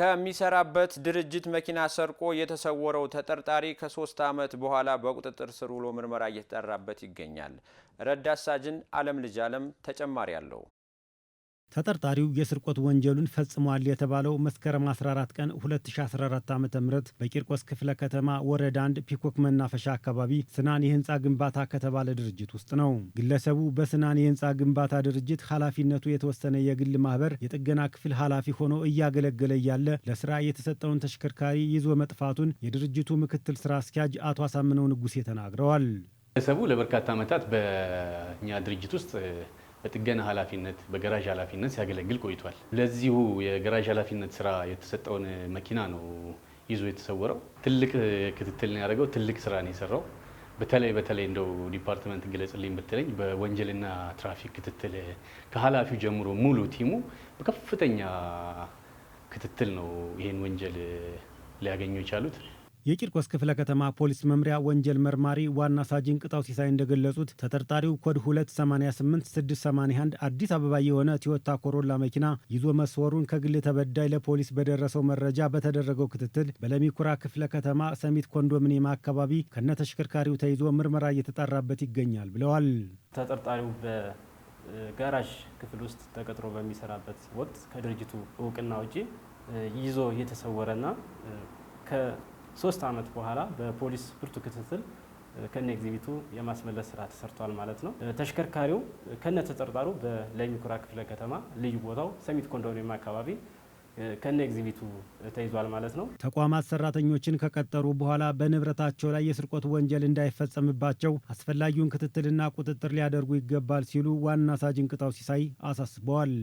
ከሚሰራበት ድርጅት መኪና ሰርቆ የተሰወረው ተጠርጣሪ ከሶስት ዓመት በኋላ በቁጥጥር ስር ውሎ ምርመራ እየተጠራበት ይገኛል። ረዳት ሳጅን አለም ልጅ አለም ተጨማሪ አለው። ተጠርጣሪው የስርቆት ወንጀሉን ፈጽሟል የተባለው መስከረም 14 ቀን 2014 ዓ ም በቂርቆስ ክፍለ ከተማ ወረዳ አንድ ፒኮክ መናፈሻ አካባቢ ስናን የህንፃ ግንባታ ከተባለ ድርጅት ውስጥ ነው። ግለሰቡ በስናን የህንፃ ግንባታ ድርጅት ኃላፊነቱ የተወሰነ የግል ማህበር የጥገና ክፍል ኃላፊ ሆኖ እያገለገለ እያለ ለስራ የተሰጠውን ተሽከርካሪ ይዞ መጥፋቱን የድርጅቱ ምክትል ስራ አስኪያጅ አቶ አሳምነው ንጉሴ ተናግረዋል። ግለሰቡ ለበርካታ ዓመታት በእኛ ድርጅት ውስጥ በጥገና ኃላፊነት በገራዥ ኃላፊነት ሲያገለግል ቆይቷል። ለዚሁ የገራዥ ኃላፊነት ስራ የተሰጠውን መኪና ነው ይዞ የተሰወረው። ትልቅ ክትትል ነው ያደረገው። ትልቅ ስራ ነው የሰራው። በተለይ በተለይ እንደው ዲፓርትመንት ግለጽልኝ ብትለኝ በወንጀልና ትራፊክ ክትትል ከኃላፊው ጀምሮ ሙሉ ቲሙ በከፍተኛ ክትትል ነው ይህን ወንጀል ሊያገኙ የቻሉት። የቂርቆስ ክፍለ ከተማ ፖሊስ መምሪያ ወንጀል መርማሪ ዋና ሳጅን ቅጣው ሲሳይ እንደገለጹት ተጠርጣሪው ኮድ 288681 አዲስ አበባ የሆነ ቲዮታ ኮሮላ መኪና ይዞ መስወሩን ከግል ተበዳይ ለፖሊስ በደረሰው መረጃ በተደረገው ክትትል በለሚኩራ ክፍለ ከተማ ሰሚት ኮንዶሚኒየም አካባቢ ከነተሽከርካሪው ተይዞ ምርመራ እየተጣራበት ይገኛል ብለዋል። ተጠርጣሪው በጋራዥ ክፍል ውስጥ ተቀጥሮ በሚሰራበት ወቅት ከድርጅቱ እውቅና ውጪ ይዞ የተሰወረና ሶስት ዓመት በኋላ በፖሊስ ብርቱ ክትትል ከነ ኤግዚቢቱ የማስመለስ ስራ ተሰርቷል ማለት ነው። ተሽከርካሪው ከነ ተጠርጣሩ በለሚኩራ ክፍለ ከተማ ልዩ ቦታው ሰሚት ኮንዶሚኒየም አካባቢ ከነ ኤግዚቢቱ ተይዟል ማለት ነው። ተቋማት ሰራተኞችን ከቀጠሩ በኋላ በንብረታቸው ላይ የስርቆት ወንጀል እንዳይፈጸምባቸው አስፈላጊውን ክትትልና ቁጥጥር ሊያደርጉ ይገባል ሲሉ ዋና ሳጅን ቅጣው ሲሳይ አሳስበዋል።